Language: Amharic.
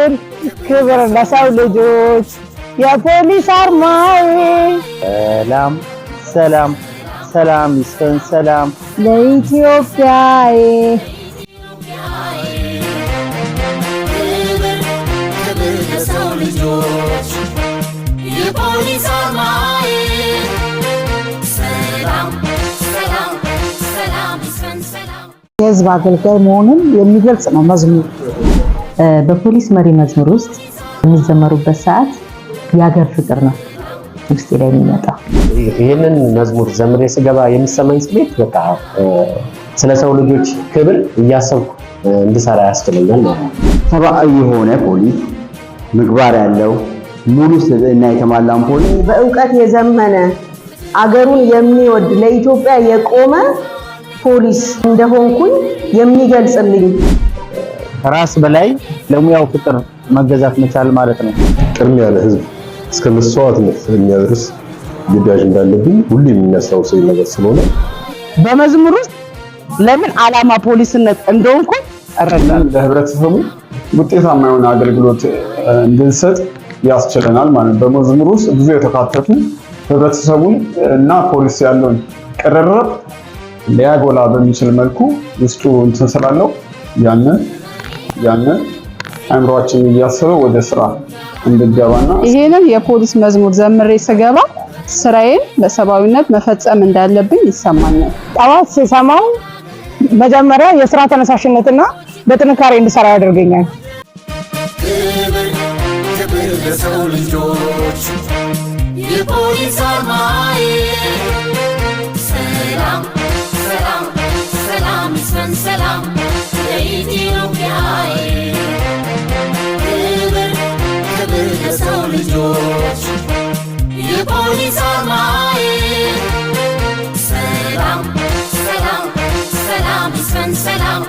ክብር ክብር ለሰው ልጆች የፖሊስ አርማዬ። ሰላም ሰላም ሰላም ይስፈን ሰላም ለኢትዮጵያዬ። የህዝብ አገልጋይ መሆንን የሚገልጽ ነው መዝሙር። በፖሊስ መሪ መዝሙር ውስጥ የሚዘመሩበት ሰዓት የሀገር ፍቅር ነው ውስጤ ላይ የሚመጣው። ይህንን መዝሙር ዘምሬ ስገባ የሚሰማኝ ስሜት በቃ ስለ ሰው ልጆች ክብር እያሰብኩ እንድሰራ ያስችለኛል ማለት ነው። ሰብአዊ የሆነ ፖሊስ ምግባር ያለው ሙሉ ስብዕና የተሟላን ፖሊስ በእውቀት የዘመነ አገሩን የሚወድ ለኢትዮጵያ የቆመ ፖሊስ እንደሆንኩኝ የሚገልጽልኝ ከራስ በላይ ለሙያው ፍቅር መገዛት መቻል ማለት ነው። ቅድም ያለ ህዝብ እስከ መስዋዕትነት የሚያደርስ ግዳጅ እንዳለብኝ ሁሉ የሚያስታውሰኝ ነገር ስለሆነ በመዝሙር ውስጥ ለምን አላማ ፖሊስነት እንደሆንኩ እረዳለሁ። ለህብረተሰቡ ውጤታማ የሆነ አገልግሎት እንድንሰጥ ያስችለናል ማለት ነው። በመዝሙር ውስጥ ብዙ የተካተቱ ህብረተሰቡን እና ፖሊስ ያለውን ቅርርብ ሊያጎላ በሚችል መልኩ ውስጡ እንትን ስላለው ያንን ያንን አእምሯችን እያሰበ ወደ ስራ እንድገባና ይሄንን የፖሊስ መዝሙር ዘምሬ ስገባ ስራዬን በሰብአዊነት መፈጸም እንዳለብኝ ይሰማኛል። ጠዋት ስሰማው መጀመሪያ የስራ ተነሳሽነትና በጥንካሬ እንድሰራ ያደርገኛል። ሰላም ሰላም ሰላም ሰላም ለኢትዮጵያዬ ክብር ክብር ለሰው ልጆች የፖሊስ ሰላም ሰላም ሰላም ሰላም